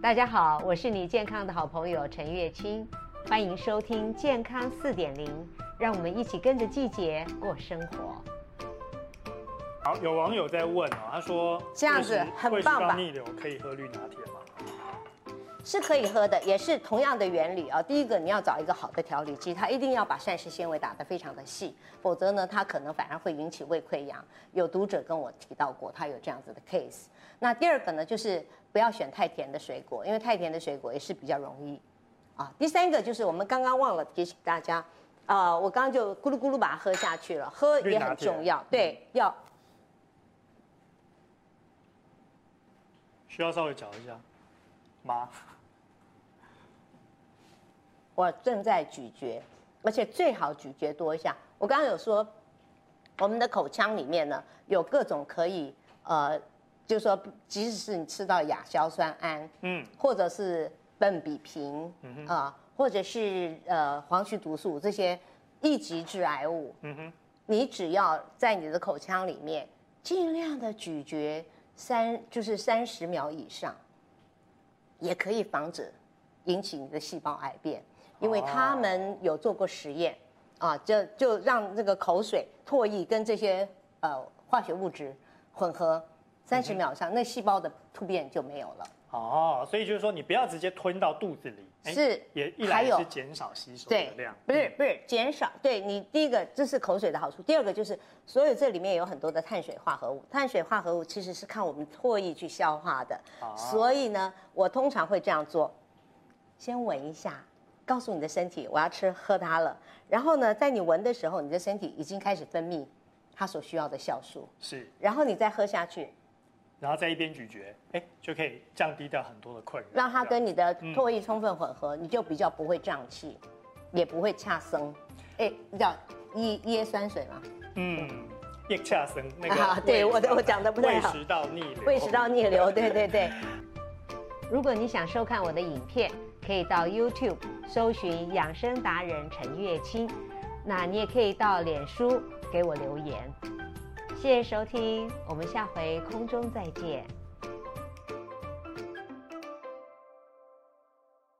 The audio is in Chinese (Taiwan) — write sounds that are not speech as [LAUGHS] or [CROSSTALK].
大家好，我是你健康的好朋友陳月卿，歡迎收聽《健康4.0》，讓我們一起跟着季節過生活。好，有網友在問哦，他說：“這樣子很棒吧？胃食道逆流可以喝綠拿鐵嗎？”是可以喝的，也是同樣的原理啊、哦。第一個，你要找一個好的調理機，它一定要把膳食纖維打得非常的細，否則呢，它可能反而會引起胃潰瘍。有讀者跟我提到過，他有這樣子的 case。那第二個呢，就是不要選太甜的水果，因為太甜的水果也是比較容易，啊、哦。第三個就是我們剛剛忘了提醒大家，啊、呃，我剛剛就咕嚕咕嚕把它喝下去了，喝也很重要，對，要。需要稍微嚼一下。我正在咀嚼，而且最好咀嚼多一下。我剛剛有說，我們的口腔裡面呢，有各種可以呃，就是說即使是你吃到亞硝酸胺，嗯，或者是苯比平，嗯啊、呃，或者是呃黃曲毒素這些一級致癌物，嗯，你只要在你的口腔裡面盡量的咀嚼三，就是三十秒以上，也可以防止引起你的細胞癌變，因為他們有做過實驗，oh. 啊，就就讓這個口水、唾液跟這些呃化學物質混合三十秒上，mm -hmm. 那細胞的突變就沒有了。哦、oh，，所以就是說，你不要直接吞到肚子裡，欸、是也一來是減少吸收的量，對，不是不是減少，對你第一個這是口水的好處，第二個就是，所有這裡面有很多的碳水化合物，碳水化合物其實是靠我們唾液去消化的，oh. 所以呢，我通常會這樣做，先聞一下，告訴你的身體我要吃喝它了，然後呢，在你聞的時候，你的身體已經開始分泌它所需要的酵素，是，然後你再喝下去。然後在一邊咀嚼、欸，就可以降低掉很多的困擾。讓它跟你的唾液充分混合，嗯、你就比較不會脹氣，也不會恰生、欸。你叫椰椰酸水嗎？嗯，別生那個對，我的我講的不太好。胃食道逆流。胃食道逆流， [LAUGHS] 對，對對對。如果你想收看我的影片，可以到 YouTube 搜尋養生達人陳月卿。那你也可以到臉書給我留言。謝謝收聽，我們下回空中再見。